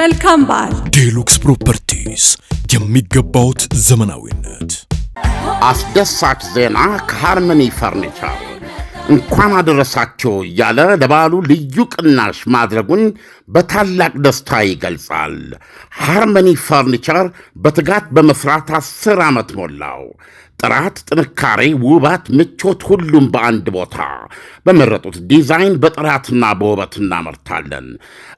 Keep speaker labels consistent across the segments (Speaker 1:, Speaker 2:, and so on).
Speaker 1: መልካም በዓል። ዴሉክስ ፕሮፐርቲስ የሚገባውት ዘመናዊነት።
Speaker 2: አስደሳች ዜና ከሃርመኒ ፈርኒቸር እንኳን አደረሳቸው እያለ ለበዓሉ ልዩ ቅናሽ ማድረጉን በታላቅ ደስታ ይገልጻል። ሃርመኒ ፈርኒቸር በትጋት በመስራት አስር ዓመት ሞላው። ጥራት፣ ጥንካሬ፣ ውበት፣ ምቾት፣ ሁሉም በአንድ ቦታ። በመረጡት ዲዛይን በጥራትና በውበት እናመርታለን።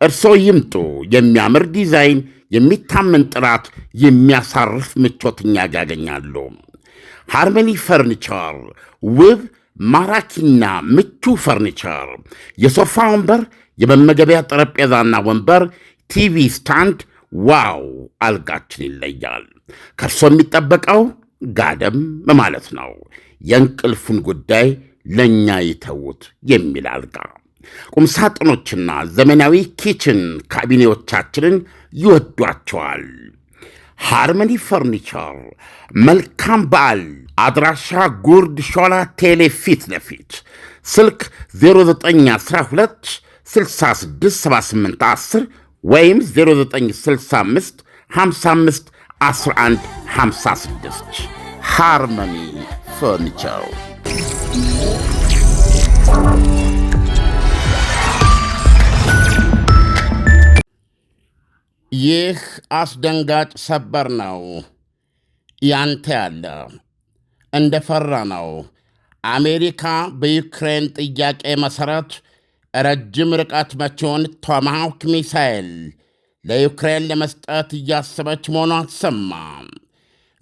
Speaker 2: እርሶ ይምጡ። የሚያምር ዲዛይን፣ የሚታመን ጥራት፣ የሚያሳርፍ ምቾት እኛ ያገኛሉ። ሃርመኒ ፈርኒቸር ውብ ማራኪና ምቹ ፈርኒቸር፣ የሶፋ ወንበር፣ የመመገቢያ ጠረጴዛና ወንበር፣ ቲቪ ስታንድ። ዋው! አልጋችን ይለያል። ከእርሶ የሚጠበቀው ጋደም ማለት ነው። የእንቅልፉን ጉዳይ ለእኛ ይተዉት የሚል አልጋ ቁምሳጥኖችና ዘመናዊ ኪችን ካቢኔዎቻችንን ይወዷቸዋል። ሃርመኒ ፈርኒቸር መልካም በዓል አድራሻ ጉርድ ሾላ ቴሌ ፊት ለፊት ስልክ 0912 667810 ወይም 0965 55 11 56 ሃርመኒ ፈርኒቸር።
Speaker 3: ይህ አስደንጋጭ ሰበር ነው። ያንተ ያለ እንደፈራ ነው። አሜሪካ በዩክሬን ጥያቄ መሠረት ረጅም ርቀት መቼውን ቶማሃውክ ሚሳኤል ለዩክሬን ለመስጠት እያሰበች መሆኗ ተሰማ።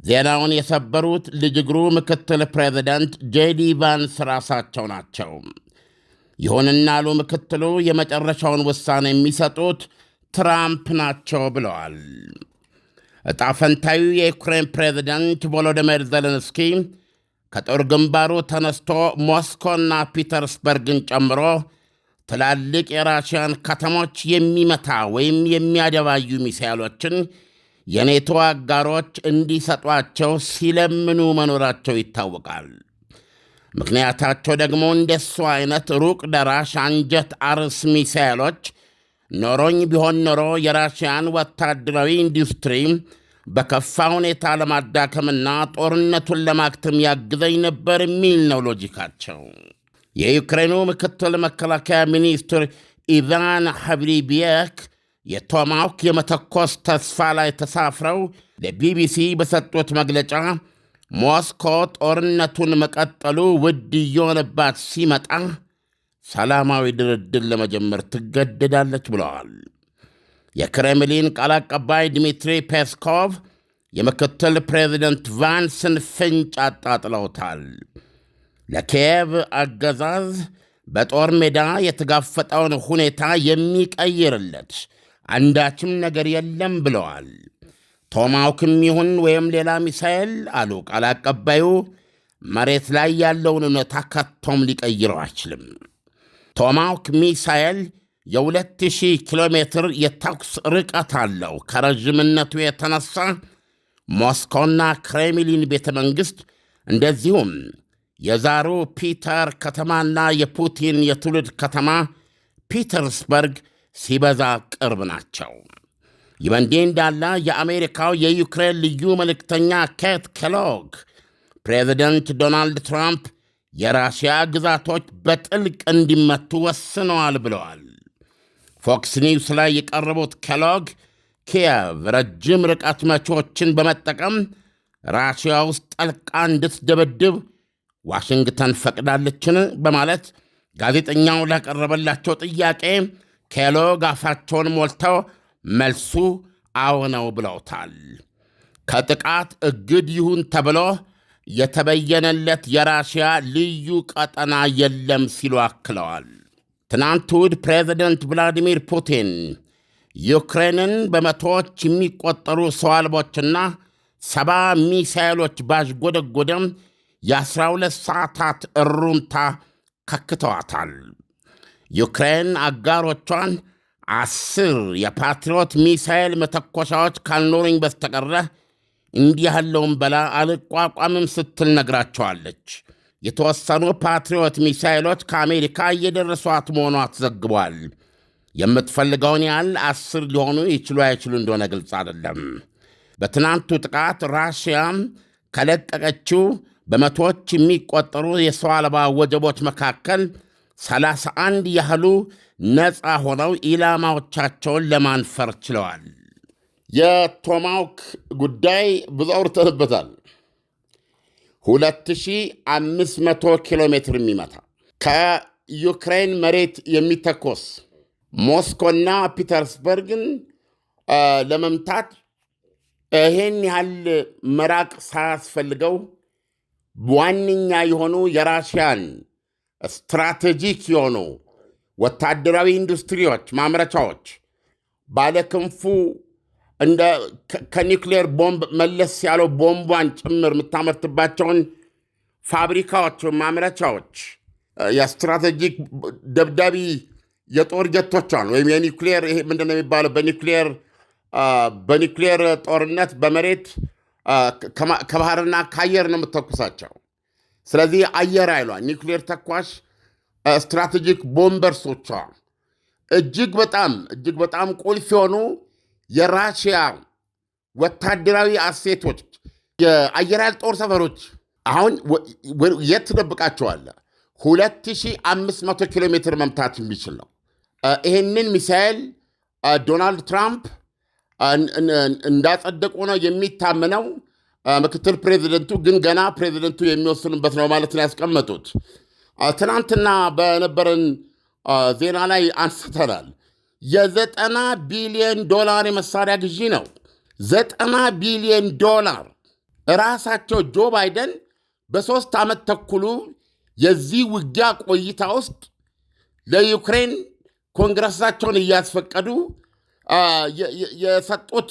Speaker 3: ዜናውን የሰበሩት ልጅ እግሩ ምክትል ፕሬዚደንት ጄዲ ቫንስ ራሳቸው ናቸው። ይሁንና አሉ ምክትሉ፣ የመጨረሻውን ውሳኔ የሚሰጡት ትራምፕ ናቸው ብለዋል። እጣፈንታዊ የዩክሬን ፕሬዚደንት ቮሎዲሚር ዘለንስኪ ከጦር ግንባሩ ተነስቶ ሞስኮና ፒተርስበርግን ጨምሮ ትላልቅ የራሽያን ከተሞች የሚመታ ወይም የሚያደባዩ ሚሳይሎችን የኔቶ አጋሮች እንዲሰጧቸው ሲለምኑ መኖራቸው ይታወቃል። ምክንያታቸው ደግሞ እንደሱ አይነት ሩቅ ደራሽ አንጀት አርስ ሚሳይሎች ኖሮኝ ቢሆን ኖሮ የራሽያን ወታደራዊ ኢንዱስትሪ በከፋ ሁኔታ ለማዳከምና ጦርነቱን ለማክተም ያግዘኝ ነበር የሚል ነው ሎጂካቸው። የዩክሬኑ ምክትል መከላከያ ሚኒስትር ኢቫን ሐብሪቢየክ የቶማውክ የመተኮስ ተስፋ ላይ ተሳፍረው ለቢቢሲ በሰጡት መግለጫ ሞስኮ ጦርነቱን መቀጠሉ ውድ እየሆነባት ሲመጣ ሰላማዊ ድርድር ለመጀመር ትገደዳለች ብለዋል። የክሬምሊን ቃል አቀባይ ድሚትሪ ፔስኮቭ የምክትል ፕሬዚደንት ቫንስን ፍንጭ አጣጥለውታል። ለኪየቭ አገዛዝ በጦር ሜዳ የተጋፈጠውን ሁኔታ የሚቀይርለት አንዳችም ነገር የለም ብለዋል። ቶማውክም ይሁን ወይም ሌላ ሚሳኤል አሉ ቃል አቀባዩ፣ መሬት ላይ ያለውን እውነታ ከቶም ሊቀይረው አይችልም። ቶማሃውክ ሚሳኤል የ2000 ኪሎ ሜትር የተኩስ ርቀት አለው። ከረዥምነቱ የተነሳ ሞስኮና ክሬምሊን ቤተ መንግሥት እንደዚሁም የዛሩ ፒተር ከተማና የፑቲን የትውልድ ከተማ ፒተርስበርግ ሲበዛ ቅርብ ናቸው። ይህ በእንዲህ እንዳለ የአሜሪካው የዩክሬን ልዩ መልእክተኛ ኬት ኬሎግ ፕሬዚደንት ዶናልድ ትራምፕ የራሽያ ግዛቶች በጥልቅ እንዲመቱ ወስነዋል ብለዋል። ፎክስ ኒውስ ላይ የቀረቡት ኬሎግ ኪየቭ ረጅም ርቀት መቺዎችን በመጠቀም ራሽያ ውስጥ ጠልቃ እንድትደበድብ ዋሽንግተን ፈቅዳለችን በማለት ጋዜጠኛው ላቀረበላቸው ጥያቄ ኬሎግ አፋቸውን ሞልተው መልሱ አዎ ነው ብለውታል። ከጥቃት እግድ ይሁን ተብሎ የተበየነለት የራሽያ ልዩ ቀጠና የለም ሲሉ አክለዋል። ትናንት እሁድ ፕሬዚደንት ቭላዲሚር ፑቲን ዩክሬንን በመቶዎች የሚቆጠሩ ሰው አልቦችና ሰባ ሚሳይሎች ባዥጎደጎደም የ12 ሰዓታት እሩምታ ከክተዋታል። ዩክሬን አጋሮቿን አስር የፓትሪዮት ሚሳይል መተኮሻዎች ካልኖሩኝ በስተቀረህ እንዲህ ያለውን በላ አልቋቋምም ስትል ነግራቸዋለች። የተወሰኑ ፓትሪዮት ሚሳይሎች ከአሜሪካ እየደረሷት መሆኗ ተዘግቧል። የምትፈልገውን ያህል አስር ሊሆኑ ይችሉ አይችሉ እንደሆነ ግልጽ አይደለም። በትናንቱ ጥቃት ራሽያ ከለቀቀችው በመቶዎች የሚቆጠሩ የሰው አልባ ወጀቦች መካከል 31 ያህሉ ነፃ ሆነው ኢላማዎቻቸውን ለማንፈር ችለዋል። የቶማውክ ጉዳይ ብዙ አውርተንበታል። 2500 ኪሎ ሜትር የሚመታ ከዩክሬን መሬት የሚተኮስ ሞስኮና ፒተርስበርግን ለመምታት ይህን ያህል መራቅ ሳያስፈልገው ዋነኛ የሆኑ የራሽያን ስትራቴጂክ የሆኑ ወታደራዊ ኢንዱስትሪዎች፣ ማምረቻዎች ባለክንፉ እንደ ከኒክሌር ቦምብ መለስ ያለው ቦምቧን ጭምር የምታመርትባቸውን ፋብሪካዎች፣ ማምረቻዎች የስትራቴጂክ ደብዳቢ የጦር ጀቶቿን ወይም የኒክሌር ይሄ ምንድን ነው የሚባለው በኒክሌር በኒክሌር ጦርነት በመሬት ከባህርና ከአየር ነው የምተኩሳቸው። ስለዚህ አየር አይሏ ኒክሌር ተኳሽ ስትራቴጂክ ቦምበርሶቿ እጅግ በጣም እጅግ በጣም ቁልፍ የሆኑ የራሽያ ወታደራዊ አሴቶች፣ የአየር ኃይል ጦር ሰፈሮች አሁን የት ትደብቃቸዋለ? 2500 ኪሎ ሜትር መምታት የሚችል ነው። ይህንን ሚሳኤል ዶናልድ ትራምፕ እንዳጸደቁ ነው የሚታመነው። ምክትል ፕሬዚደንቱ ግን ገና ፕሬዚደንቱ የሚወስኑበት ነው ማለት ነው ያስቀመጡት። ትናንትና በነበረን ዜና ላይ አንስተናል። የዘጠና ቢሊዮን ዶላር የመሳሪያ ግዢ ነው። ዘጠና ቢሊዮን ዶላር ራሳቸው ጆ ባይደን በሶስት ዓመት ተኩሉ የዚህ ውጊያ ቆይታ ውስጥ ለዩክሬን ኮንግረሳቸውን እያስፈቀዱ የሰጡት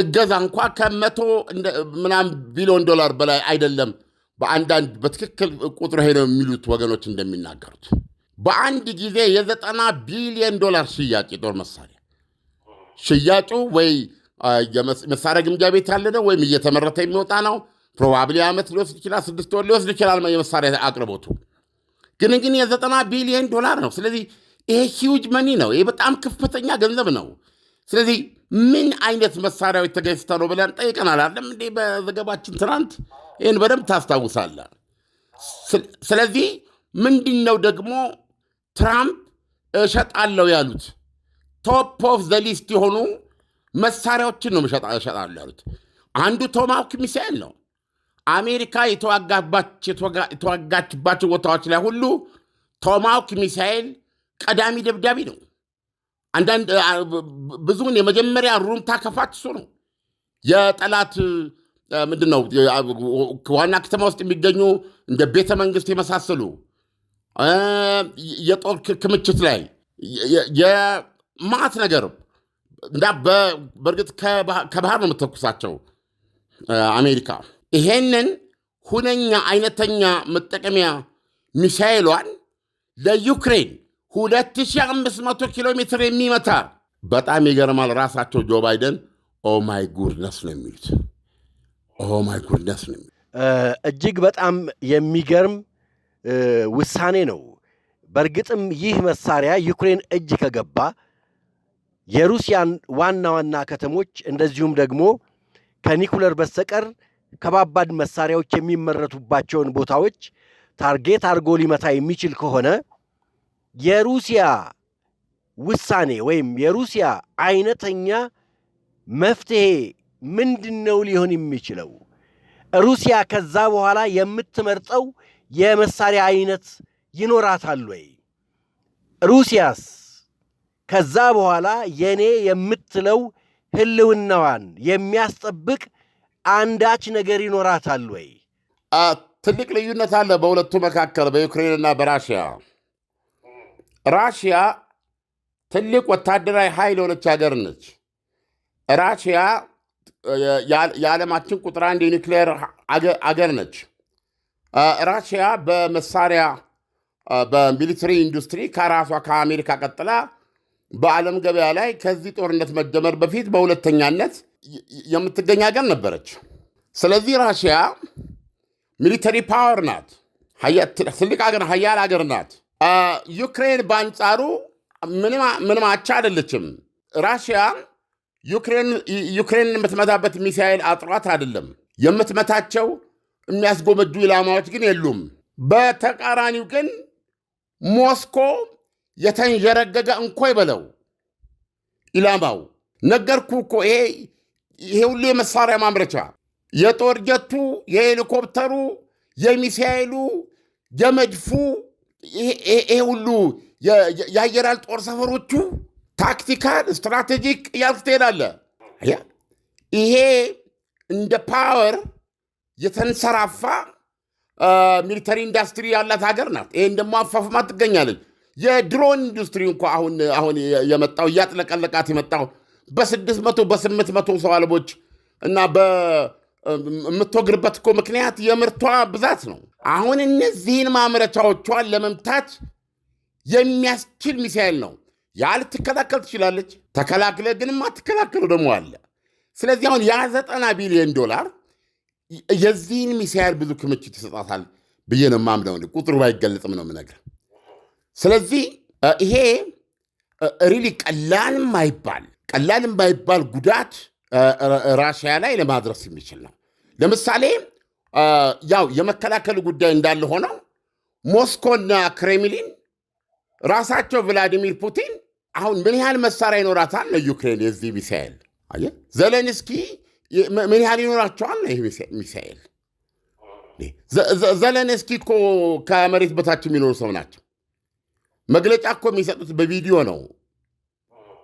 Speaker 3: እገዛ እንኳ ከመቶ ምናም ቢሊዮን ዶላር በላይ አይደለም። በአንዳንድ በትክክል ቁጥር ሄነው የሚሉት ወገኖች እንደሚናገሩት በአንድ ጊዜ የዘጠና ቢሊዮን ዶላር ሽያጭ የጦር መሳሪያ ሽያጩ ወይ መሳሪያ ግምጃ ቤት ያለ ነው ወይም እየተመረተ የሚወጣ ነው። ፕሮባብሊ ዓመት ሊወስድ ይችላል፣ ስድስት ወር ሊወስድ ይችላል የመሳሪያ አቅርቦቱ ግን ግን የዘጠና ቢሊዮን ዶላር ነው። ስለዚህ ይሄ ሂውጅ መኒ ነው። ይሄ በጣም ከፍተኛ ገንዘብ ነው። ስለዚህ ምን አይነት መሳሪያዎች ተገዝተው ነው ብለን ጠይቀናል። አለም እንዴ በዘገባችን ትናንት ይህን በደንብ ታስታውሳለ። ስለዚህ ምንድን ነው ደግሞ ትራምፕ እሸጣለሁ ያሉት ቶፕ ኦፍ ዘ ሊስት የሆኑ መሳሪያዎችን ነው እሸጣለሁ ያሉት። አንዱ ቶማሃውክ ሚሳኤል ነው። አሜሪካ የተዋጋችባቸው ቦታዎች ላይ ሁሉ ቶማሃውክ ሚሳኤል ቀዳሚ ደብዳቤ ነው። አንዳንድ ብዙውን የመጀመሪያ ሩምታ ከፋች እሱ ነው። የጠላት ምንድን ነው ዋና ከተማ ውስጥ የሚገኙ እንደ ቤተ መንግስት የመሳሰሉ የጦር ክምችት ላይ የማት ነገር እንዳ በእርግጥ ከባህር ነው የምትተኩሳቸው አሜሪካ። ይሄንን ሁነኛ አይነተኛ መጠቀሚያ ሚሳይሏን ለዩክሬን 2500 ኪሎ ሜትር የሚመታ በጣም ይገርማል። ራሳቸው ጆ ባይደን ኦማይ ጉድነስ ነው የሚሉት። ኦማይ ጉድነስ ነው የሚሉት። እጅግ በጣም የሚገርም ውሳኔ ነው። በእርግጥም ይህ መሳሪያ ዩክሬን እጅ ከገባ የሩሲያን ዋና ዋና ከተሞች እንደዚሁም ደግሞ ከኒኩለር በስተቀር ከባባድ መሳሪያዎች የሚመረቱባቸውን ቦታዎች ታርጌት አድርጎ ሊመታ የሚችል ከሆነ የሩሲያ ውሳኔ ወይም የሩሲያ አይነተኛ መፍትሄ ምንድን ነው ሊሆን የሚችለው? ሩሲያ ከዛ በኋላ የምትመርጠው የመሳሪያ አይነት ይኖራታል ወይ? ሩሲያስ ከዛ በኋላ የኔ የምትለው ህልውናዋን የሚያስጠብቅ አንዳች ነገር ይኖራታል ወይ? ትልቅ ልዩነት አለ በሁለቱ መካከል በዩክሬንና በራሽያ። ራሽያ ትልቅ ወታደራዊ ኃይል የሆነች ሀገር ነች። ራሽያ የዓለማችን ቁጥር አንድ የኒክሌር አገር ነች። ራሽያ በመሳሪያ በሚሊትሪ ኢንዱስትሪ ከራሷ ከአሜሪካ ቀጥላ በዓለም ገበያ ላይ ከዚህ ጦርነት መጀመር በፊት በሁለተኛነት የምትገኝ ሀገር ነበረች። ስለዚህ ራሽያ ሚሊተሪ ፓወር ናት፣ ትልቅ ሀገር፣ ሀያል ሀገር ናት። ዩክሬን በአንጻሩ ምንም አቻ አይደለችም። ራሽያ ዩክሬን የምትመታበት ሚሳኤል አጥሯት አይደለም የምትመታቸው የሚያስጎመጁ ኢላማዎች ግን የሉም። በተቃራኒው ግን ሞስኮ የተንዠረገገ እንኮይ በለው ኢላማው ነገርኩ እኮ ይሄ ሁሉ የመሳሪያ ማምረቻ የጦር ጀቱ፣ የሄሊኮፕተሩ፣ የሚሳይሉ የመድፉ ይሄ ሁሉ የአየራል ጦር ሰፈሮቹ ታክቲካል ስትራቴጂክ እያልክ ትሄዳለህ። ይሄ እንደ ፓወር የተንሰራፋ ሚሊተሪ ኢንዱስትሪ ያላት ሀገር ናት። ይህን ደግሞ አፋፍማ ትገኛለች። የድሮን ኢንዱስትሪ እንኳ አሁን አሁን የመጣው እያጥለቀለቃት የመጣው በስድስት መቶ በስምንት መቶ ሰው አልቦች እና የምትወግርበት እኮ ምክንያት የምርቷ ብዛት ነው። አሁን እነዚህን ማምረቻዎቿን ለመምታት የሚያስችል ሚሳይል ነው። ያ ልትከላከል ትችላለች። ተከላክለ ግን ማትከላከሉ ደግሞ አለ። ስለዚህ አሁን ያ ዘጠና ቢሊዮን ዶላር የዚህን ሚሳይል ብዙ ክምችት ይሰጣታል ብዬ ነው የማምነው። ቁጥሩ ባይገለጽም ነው የምነግርህ። ስለዚህ ይሄ ሪሊ ቀላልም ባይባል ቀላልም ባይባል ጉዳት ራሽያ ላይ ለማድረስ የሚችል ነው። ለምሳሌ ያው የመከላከል ጉዳይ እንዳለ ሆነው ሞስኮና ክሬምሊን ራሳቸው ቭላዲሚር ፑቲን አሁን ምን ያህል መሳሪያ ይኖራታል ለዩክሬን የዚህ ሚሳይል ዘለንስኪ ምን ያህል ይኖራቸዋል ነው ይህ ሚሳኤል ዘለንስኪ እኮ ከመሬት በታች የሚኖሩ ሰው ናቸው። መግለጫ እኮ የሚሰጡት በቪዲዮ ነው።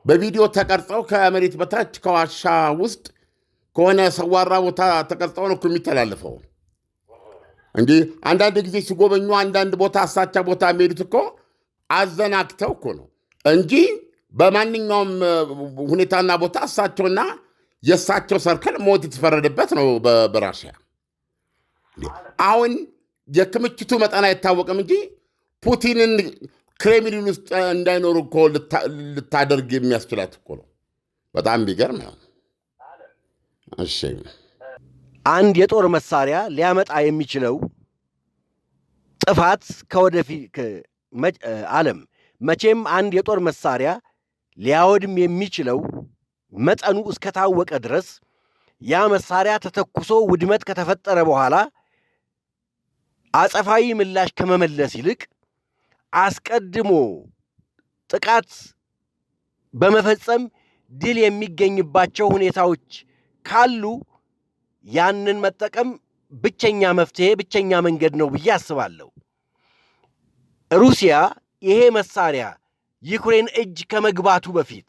Speaker 3: በቪዲዮ ተቀርጸው ከመሬት በታች ከዋሻ ውስጥ ከሆነ ሰዋራ ቦታ ተቀርጸው ነው የሚተላለፈው። እንዲህ አንዳንድ ጊዜ ሲጎበኙ አንዳንድ ቦታ አሳቻ ቦታ የሚሄዱት እኮ አዘናግተው እኮ ነው እንጂ በማንኛውም ሁኔታና ቦታ እሳቸውና የእሳቸው ሰርክል ሞት የተፈረደበት ነው በራሽያ። አሁን የክምችቱ መጠን አይታወቅም እንጂ ፑቲንን ክሬምሊን ውስጥ እንዳይኖሩ እኮ ልታደርግ የሚያስችላት እኮ ነው። በጣም ቢገርም እሺ አንድ የጦር መሳሪያ ሊያመጣ የሚችለው ጥፋት ከወደፊት ዓለም መቼም አንድ የጦር መሳሪያ ሊያወድም የሚችለው መጠኑ እስከታወቀ ድረስ ያ መሳሪያ ተተኩሶ ውድመት ከተፈጠረ በኋላ አጸፋዊ ምላሽ ከመመለስ ይልቅ አስቀድሞ ጥቃት በመፈጸም ድል የሚገኝባቸው ሁኔታዎች ካሉ ያንን መጠቀም ብቸኛ መፍትሄ፣ ብቸኛ መንገድ ነው ብዬ አስባለሁ። ሩሲያ ይሄ መሳሪያ ዩክሬን እጅ ከመግባቱ በፊት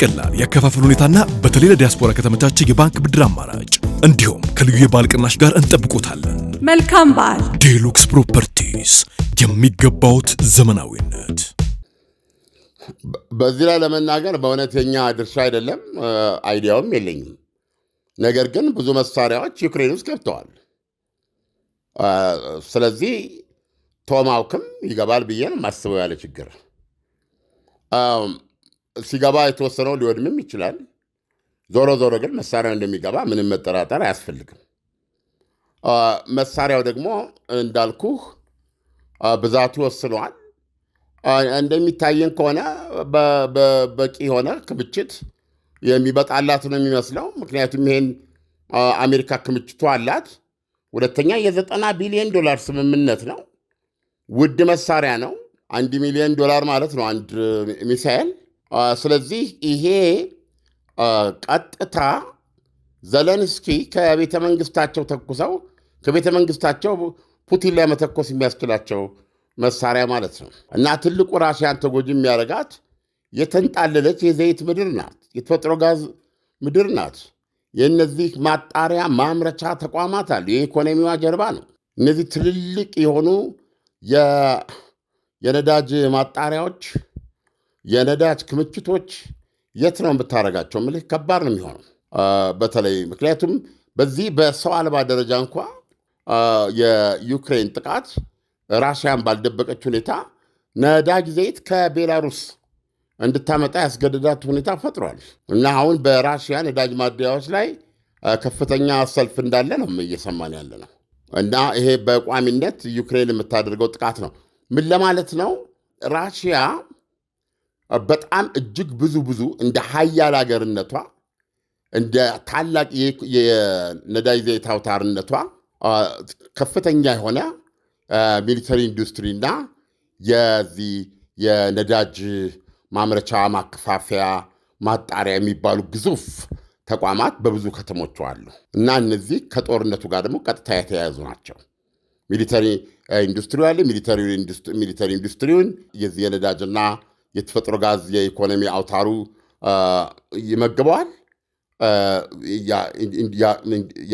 Speaker 4: በቀላል የአከፋፈል ሁኔታና በተለይ ለዲያስፖራ ከተመቻቸ የባንክ ብድር አማራጭ እንዲሁም ከልዩ የበዓል ቅናሽ ጋር እንጠብቆታለን።
Speaker 1: መልካም በዓል። ዴሉክስ ፕሮፐርቲስ የሚገባውት ዘመናዊነት።
Speaker 3: በዚህ ላይ ለመናገር በእውነት የኛ ድርሻ አይደለም፣ አይዲያውም የለኝም። ነገር ግን ብዙ መሳሪያዎች ዩክሬን ውስጥ ገብተዋል። ስለዚህ ቶማውክም ይገባል ብዬ ማስበው ያለ ችግር ሲገባ የተወሰነው ሊወድምም ይችላል። ዞሮ ዞሮ ግን መሳሪያው እንደሚገባ ምንም መጠራጠር አያስፈልግም። መሳሪያው ደግሞ እንዳልኩህ ብዛቱ ወስነዋል። እንደሚታየን ከሆነ በቂ የሆነ ክምችት የሚበጣላት ነው የሚመስለው። ምክንያቱም ይሄን አሜሪካ ክምችቱ አላት። ሁለተኛ የዘጠና ቢሊዮን ዶላር ስምምነት ነው። ውድ መሳሪያ ነው። አንድ ሚሊዮን ዶላር ማለት ነው አንድ ሚሳኤል ስለዚህ ይሄ ቀጥታ ዘለንስኪ ከቤተ መንግስታቸው ተኩሰው ከቤተ መንግስታቸው ፑቲን ላይ መተኮስ የሚያስችላቸው መሳሪያ ማለት ነው እና ትልቁ ራሽያን ተጎጂ የሚያደርጋት የተንጣለለች የዘይት ምድር ናት። የተፈጥሮ ጋዝ ምድር ናት። የእነዚህ ማጣሪያ ማምረቻ ተቋማት አሉ። የኢኮኖሚዋ ጀርባ ነው። እነዚህ ትልልቅ የሆኑ የነዳጅ ማጣሪያዎች የነዳጅ ክምችቶች የት ነው የምታደርጋቸው? ምልህ ከባድ ነው የሚሆነው። በተለይ ምክንያቱም በዚህ በሰው አልባ ደረጃ እንኳ የዩክሬን ጥቃት ራሽያን ባልደበቀች ሁኔታ ነዳጅ ዘይት ከቤላሩስ እንድታመጣ ያስገደዳት ሁኔታ ፈጥሯል እና አሁን በራሽያ ነዳጅ ማደያዎች ላይ ከፍተኛ ሰልፍ እንዳለ ነው እየሰማን ያለ ነው እና ይሄ በቋሚነት ዩክሬን የምታደርገው ጥቃት ነው። ምን ለማለት ነው ራሽያ በጣም እጅግ ብዙ ብዙ እንደ ሀያል ሀገርነቷ እንደ ታላቅ የነዳጅ ዘይት አውታርነቷ ከፍተኛ የሆነ ሚሊተሪ ኢንዱስትሪና የዚህ የነዳጅ ማምረቻ ማከፋፈያ፣ ማጣሪያ የሚባሉ ግዙፍ ተቋማት በብዙ ከተሞች አሉ እና እነዚህ ከጦርነቱ ጋር ደግሞ ቀጥታ የተያያዙ ናቸው። ሚሊተሪ ኢንዱስትሪ አለ። ሚሊተሪ ኢንዱስትሪውን የነዳጅና የተፈጥሮ ጋዝ የኢኮኖሚ አውታሩ ይመግበዋል።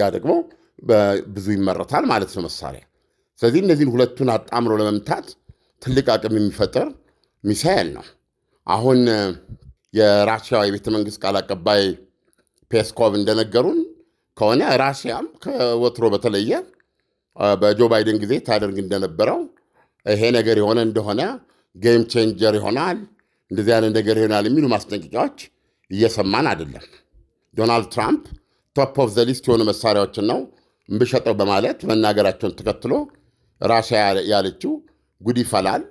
Speaker 3: ያ ደግሞ ብዙ ይመረታል ማለት ነው መሳሪያ። ስለዚህ እነዚህን ሁለቱን አጣምሮ ለመምታት ትልቅ አቅም የሚፈጥር ሚሳኤል ነው። አሁን የራሽያ የቤተ መንግስት ቃል አቀባይ ፔስኮቭ እንደነገሩን ከሆነ ራሽያም ከወትሮ በተለየ በጆ ባይደን ጊዜ ታደርግ እንደነበረው ይሄ ነገር የሆነ እንደሆነ ጌም ቼንጀር ይሆናል፣ እንደዚህ አይነት ነገር ይሆናል የሚሉ ማስጠንቀቂያዎች እየሰማን አይደለም። ዶናልድ ትራምፕ ቶፕ ኦፍ ዘ ሊስት የሆኑ መሳሪያዎችን ነው እምብሸጠው በማለት መናገራቸውን ተከትሎ ራሽያ ያለችው ጉድ ይፈላል፣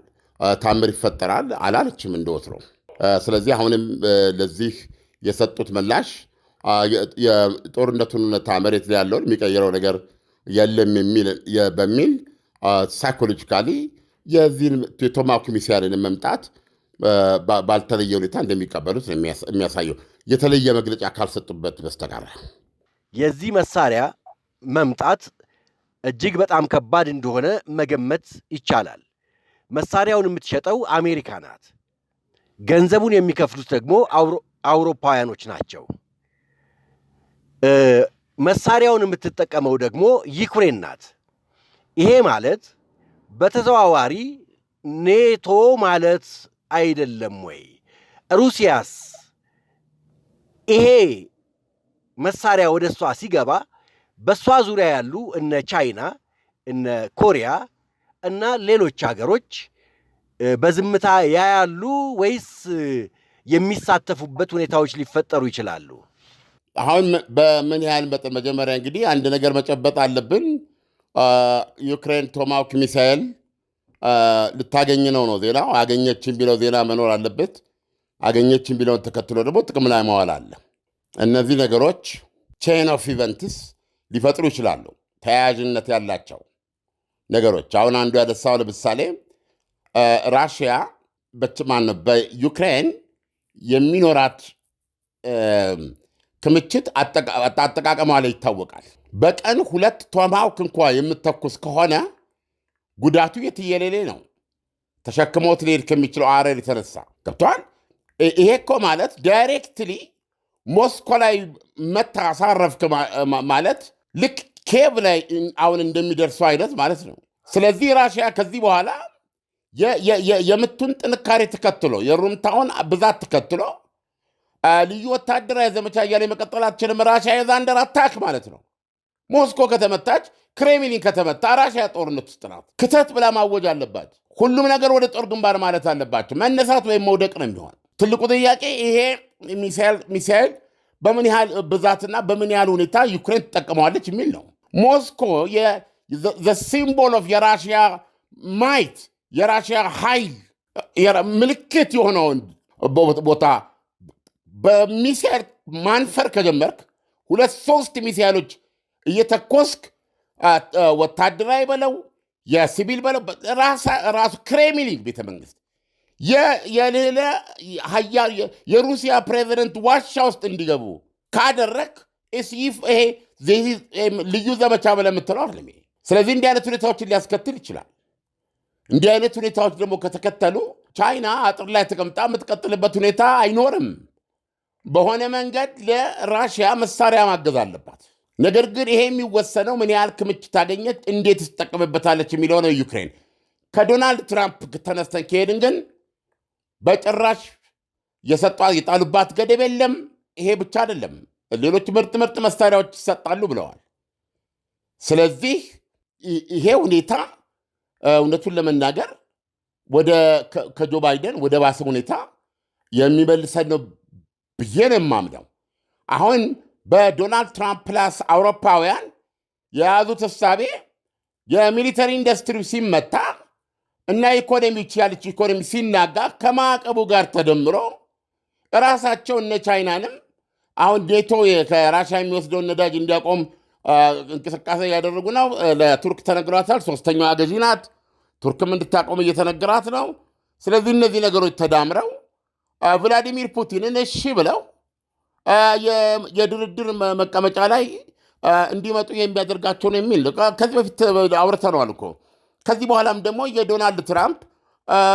Speaker 3: ታምር ይፈጠራል አላለችም እንደወትሮው። ስለዚህ አሁንም ለዚህ የሰጡት ምላሽ የጦርነቱን ሁኔታ መሬት ላይ ያለውን የሚቀይረው ነገር የለም በሚል ሳይኮሎጂካሊ የዚህን የቶማስ ኮሚሳሪን መምጣት ባልተለየ ሁኔታ እንደሚቀበሉት የሚያሳየው የተለየ መግለጫ ካልሰጡበት በስተቀር የዚህ መሳሪያ መምጣት እጅግ በጣም ከባድ እንደሆነ መገመት ይቻላል። መሳሪያውን የምትሸጠው አሜሪካ ናት። ገንዘቡን የሚከፍሉት ደግሞ አውሮፓውያኖች ናቸው። መሳሪያውን የምትጠቀመው ደግሞ ዩክሬን ናት። ይሄ ማለት በተዘዋዋሪ ኔቶ ማለት አይደለም ወይ? ሩሲያስ ይሄ መሳሪያ ወደ እሷ ሲገባ በእሷ ዙሪያ ያሉ እነ ቻይና፣ እነ ኮሪያ እና ሌሎች ሀገሮች በዝምታ ያያሉ ወይስ የሚሳተፉበት ሁኔታዎች ሊፈጠሩ ይችላሉ? አሁን በምን ያህል መጠን መጀመሪያ እንግዲህ አንድ ነገር መጨበጥ አለብን። ዩክሬን ቶማውክ ሚሳኤል ልታገኝ ነው ነው ዜናው። አገኘች የሚለው ዜና መኖር አለበት። አገኘች የሚለውን ተከትሎ ደግሞ ጥቅም ላይ መዋል አለ። እነዚህ ነገሮች ቼን ኦፍ ኢቨንትስ ሊፈጥሩ ይችላሉ፣ ተያያዥነት ያላቸው ነገሮች። አሁን አንዱ ያነሳው ለምሳሌ ራሽያ በማን ነው በዩክሬን የሚኖራት ክምችት አጠቃቀሟ ላይ ይታወቃል። በቀን ሁለት ቶማሃውክ እንኳ የምተኩስ ከሆነ ጉዳቱ የትየሌሌ ነው። ተሸክሞት ሊሄድ ከሚችለው አረር የተነሳ ገብተዋል። ይሄ እኮ ማለት ዳይሬክትሊ ሞስኮ ላይ መታ አሳረፍክ ማለት ልክ ኬቭ ላይ አሁን እንደሚደርሰው አይነት ማለት ነው። ስለዚህ ራሽያ ከዚህ በኋላ የምቱን ጥንካሬ ተከትሎ የሩምታውን ብዛት ተከትሎ ልዩ ወታደራዊ ዘመቻ እያለ መቀጠል አትችልም። ራሽያ የዛንደር አታክ ማለት ነው። ሞስኮ ከተመታች ክሬምሊን ከተመታ ራሽያ ጦርነት ውስጥ ናት። ክተት ብላ ማወጅ አለባት። ሁሉም ነገር ወደ ጦር ግንባር ማለት አለባቸው። መነሳት ወይም መውደቅ ነው የሚሆን። ትልቁ ጥያቄ ይሄ ሚሳይል በምን ያህል ብዛትና በምን ያህል ሁኔታ ዩክሬን ትጠቀመዋለች የሚል ነው። ሞስኮ ሲምቦል ኦፍ የራሽያ ማይት የራሽያ ኃይል ምልክት የሆነውን ቦታ በሚሳይል ማንፈር ከጀመርክ ሁለት ሶስት ሚሳይሎች እየተኮስክ ወታደራዊ በለው የሲቪል በለው ራሱ ክሬምሊን ቤተ መንግስት የሩሲያ ፕሬዚደንት ዋሻ ውስጥ እንዲገቡ ካደረግ ስይፍ ይሄ ልዩ ዘመቻ ብለህ የምትለው አይደለም። ስለዚህ እንዲህ አይነት ሁኔታዎችን ሊያስከትል ይችላል። እንዲህ አይነት ሁኔታዎች ደግሞ ከተከተሉ ቻይና አጥር ላይ ተቀምጣ የምትቀጥልበት ሁኔታ አይኖርም። በሆነ መንገድ ለራሽያ መሳሪያ ማገዝ አለባት። ነገር ግን ይሄ የሚወሰነው ምን ያህል ክምችት ታገኘች፣ እንዴት ትጠቀምበታለች የሚለው ነው። ዩክሬን ከዶናልድ ትራምፕ ተነስተን ከሄድን ግን በጭራሽ የጣሉባት ገደብ የለም። ይሄ ብቻ አይደለም፣ ሌሎች ምርጥ ምርጥ መሳሪያዎች ይሰጣሉ ብለዋል። ስለዚህ ይሄ ሁኔታ እውነቱን ለመናገር ከጆ ባይደን ወደ ባሰ ሁኔታ የሚመልሰን ነው ብዬ ነው የማምነው አሁን በዶናልድ ትራምፕ ፕላስ አውሮፓውያን የያዙት እሳቤ የሚሊተሪ ኢንዱስትሪ ሲመታ እና ኢኮኖሚ ያለች ኢኮኖሚ ሲናጋ ከማዕቀቡ ጋር ተደምሮ እራሳቸው እነ ቻይናንም አሁን ኔቶ ከራሻ የሚወስደውን ነዳጅ እንዲያቆም እንቅስቃሴ እያደረጉ ነው። ለቱርክ ተነግሯታል። ሶስተኛዋ ገዢ ናት። ቱርክም እንድታቆም እየተነገራት ነው። ስለዚህ እነዚህ ነገሮች ተዳምረው ቭላዲሚር ፑቲንን እሺ ብለው የድርድር መቀመጫ ላይ እንዲመጡ የሚያደርጋቸው ነው የሚል ከዚህ በፊት አውርተነዋል እኮ። ከዚህ በኋላም ደግሞ የዶናልድ ትራምፕ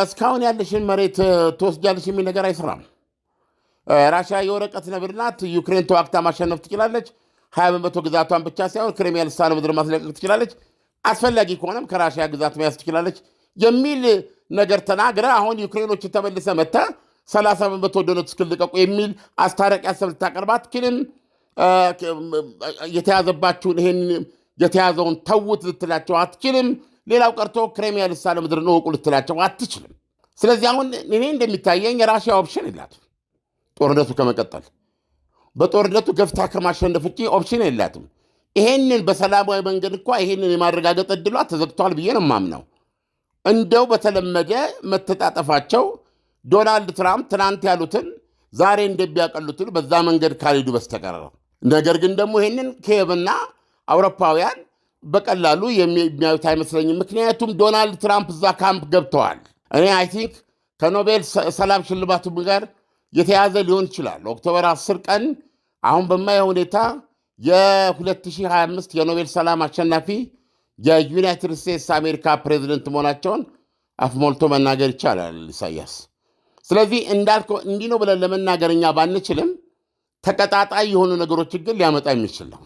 Speaker 3: እስካሁን ያለሽን መሬት ትወስጃለሽ የሚል ነገር አይሰራም። ራሽያ የወረቀት ነብር ናት። ዩክሬን ተዋግታ ማሸነፍ ትችላለች። ሀያ በመቶ ግዛቷን ብቻ ሳይሆን ክሬሚያ ልሳነ ምድር ማስለቀቅ ትችላለች። አስፈላጊ ከሆነም ከራሽያ ግዛት መያዝ ትችላለች የሚል ነገር ተናግረ አሁን ዩክሬኖች ተመልሰ መታ ሰላሳ በመቶ ደኖች እስክልቀቁ የሚል አስታራቂ ሀሳብ ልታቀርባት ኪንን የተያዘባችሁን ይሄን የተያዘውን ተውት ልትላቸው አትችልም። ሌላው ቀርቶ ክሬሚያ ልሳነ ምድርን እወቁ ልትላቸው አትችልም። ስለዚህ አሁን እኔ እንደሚታየኝ የራሽያ ኦፕሽን የላትም። ጦርነቱ ከመቀጠል በጦርነቱ ገፍታ ከማሸነፍ ውጭ ኦፕሽን የላትም። ይሄንን በሰላማዊ መንገድ እንኳ ይሄንን የማረጋገጥ እድሏ ተዘግቷል ብዬ ነው የማምነው። እንደው በተለመደ መተጣጠፋቸው ዶናልድ ትራምፕ ትናንት ያሉትን ዛሬ እንደሚያቀሉትን በዛ መንገድ ካልሄዱ በስተቀር ነው። ነገር ግን ደግሞ ይህንን ኬብና አውሮፓውያን በቀላሉ የሚያዩት አይመስለኝም። ምክንያቱም ዶናልድ ትራምፕ እዛ ካምፕ ገብተዋል። እኔ አይ ቲንክ ከኖቤል ሰላም ሽልማቱ ጋር የተያዘ ሊሆን ይችላል። ኦክቶበር 10 ቀን አሁን በማየው ሁኔታ የ2025 የኖቤል ሰላም አሸናፊ የዩናይትድ ስቴትስ አሜሪካ ፕሬዚደንት መሆናቸውን አፍ ሞልቶ መናገር ይቻላል ኢሳያስ ስለዚህ እንዳልከው እንዲህ ነው ብለን ለመናገረኛ ባንችልም ተቀጣጣይ የሆኑ ነገሮች ግን ሊያመጣ የሚችል ነው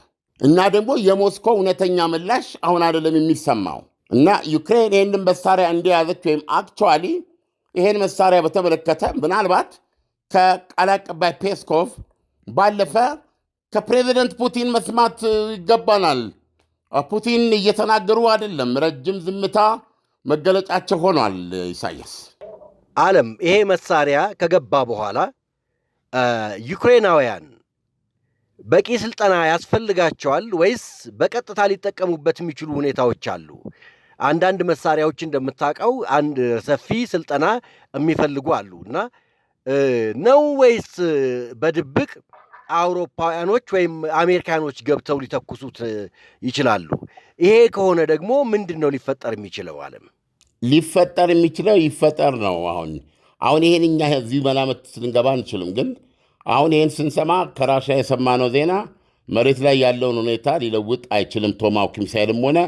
Speaker 3: እና ደግሞ የሞስኮ እውነተኛ ምላሽ አሁን አይደለም የሚሰማው እና ዩክሬን ይህንን መሳሪያ እንደያዘች ወይም አክቹዋሊ ይህን መሳሪያ በተመለከተ ምናልባት ከቃል አቀባይ ፔስኮቭ ባለፈ ከፕሬዚደንት ፑቲን መስማት ይገባናል። ፑቲን እየተናገሩ አይደለም፣ ረጅም ዝምታ መገለጫቸው ሆኗል። ኢሳያስ ዓለም ይሄ መሳሪያ ከገባ በኋላ ዩክሬናውያን በቂ ስልጠና ያስፈልጋቸዋል ወይስ በቀጥታ ሊጠቀሙበት የሚችሉ ሁኔታዎች አሉ? አንዳንድ መሳሪያዎች እንደምታውቀው አንድ ሰፊ ስልጠና የሚፈልጉ አሉ እና ነው ወይስ በድብቅ አውሮፓውያኖች ወይም አሜሪካኖች ገብተው ሊተኩሱት ይችላሉ? ይሄ ከሆነ ደግሞ ምንድን ነው ሊፈጠር የሚችለው ዓለም ሊፈጠር የሚችለው ይፈጠር ነው። አሁን አሁን ይሄን እኛ እዚህ መላመት ስንገባ አንችልም። ግን አሁን ይሄን ስንሰማ ከራሻ የሰማነው ዜና መሬት ላይ ያለውን ሁኔታ ሊለውጥ አይችልም፣ ቶማሃውክ ሚሳይልም ሆነ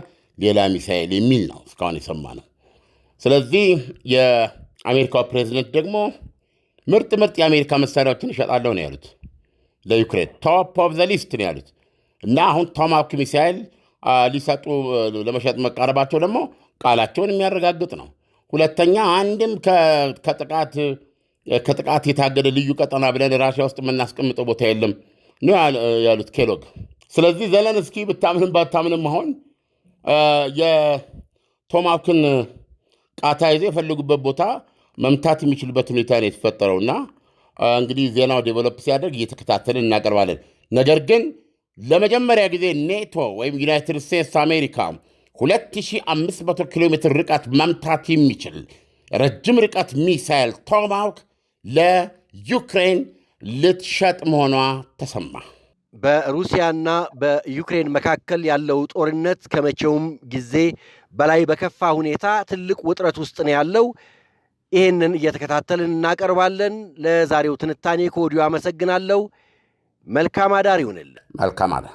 Speaker 3: ሌላ ሚሳይል የሚል ነው እስካሁን የሰማነው። ስለዚህ የአሜሪካው ፕሬዚደንት ደግሞ ምርጥ ምርጥ የአሜሪካ መሳሪያዎችን እሸጣለሁ ነው ያሉት ለዩክሬን። ቶፕ ኦፍ ዘ ሊስት ነው ያሉት እና አሁን ቶማሃውክ ሚሳይል ሊሰጡ ለመሸጥ መቃረባቸው ደግሞ ቃላቸውን የሚያረጋግጥ ነው። ሁለተኛ አንድም ከጥቃት የታገደ ልዩ ቀጠና ብለን ራሽያ ውስጥ የምናስቀምጠው ቦታ የለም ነው ያሉት ኬሎግ። ስለዚህ ዘለንስኪ ብታምንም ባታምንም አሁን የቶማክን ቃታ ይዘው የፈለጉበት ቦታ መምታት የሚችሉበት ሁኔታ ነው የተፈጠረው እና እንግዲህ ዜናው ዴቨሎፕ ሲያደርግ እየተከታተልን እናቀርባለን። ነገር ግን ለመጀመሪያ ጊዜ ኔቶ ወይም ዩናይትድ ስቴትስ አሜሪካ 2500 ኪሎ ሜትር ርቀት መምታት የሚችል ረጅም ርቀት ሚሳይል ቶማሃውክ ለዩክሬን ልትሸጥ መሆኗ ተሰማ። በሩሲያና በዩክሬን መካከል ያለው ጦርነት ከመቼውም ጊዜ በላይ በከፋ ሁኔታ ትልቅ ውጥረት ውስጥ ነው ያለው። ይህንን እየተከታተልን እናቀርባለን። ለዛሬው ትንታኔ ከወዲሁ አመሰግናለሁ። መልካም አዳር ይሁንልን። መልካም አዳር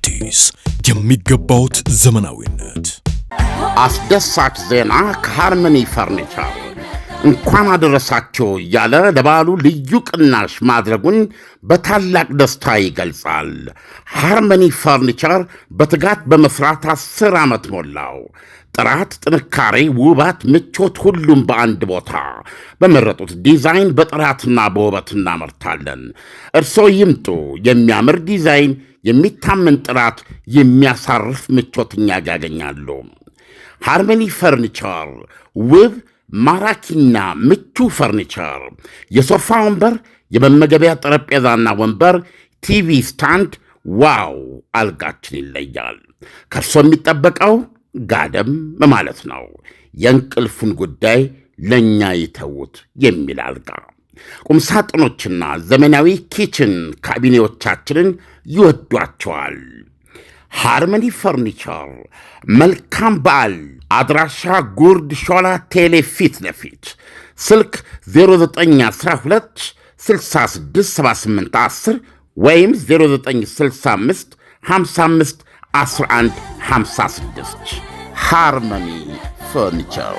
Speaker 1: ፓሪስ የሚገባውት ዘመናዊነት።
Speaker 2: አስደሳች ዜና ከሃርመኒ ፈርኒቸር እንኳን አደረሳቸው እያለ ለበዓሉ ልዩ ቅናሽ ማድረጉን በታላቅ ደስታ ይገልጻል። ሃርመኒ ፈርኒቸር በትጋት በመስራት አስር ዓመት ሞላው። ጥራት፣ ጥንካሬ፣ ውበት፣ ምቾት፣ ሁሉም በአንድ ቦታ። በመረጡት ዲዛይን በጥራትና በውበት እናመርታለን። እርሶ ይምጡ። የሚያምር ዲዛይን የሚታመን ጥራት፣ የሚያሳርፍ ምቾትኛ ያገኛሉ። ሃርመኒ ፈርኒቸር ውብ ማራኪና ምቹ ፈርኒቸር፣ የሶፋ ወንበር፣ የመመገቢያ ጠረጴዛና ወንበር፣ ቲቪ ስታንድ። ዋው! አልጋችን ይለያል። ከእርሶ የሚጠበቀው ጋደም ማለት ነው። የእንቅልፉን ጉዳይ ለእኛ ይተዉት የሚል አልጋ ቁምሳጥኖችና ዘመናዊ ኪችን ካቢኔዎቻችንን ይወዷቸዋል። ሃርመኒ ፈርኒቸር መልካም በዓል። አድራሻ ጉርድ ሾላ ቴሌ ፊት ለፊት ስልክ 0912 ወይም 0965 56 ሃርመኒ ፈርኒቸር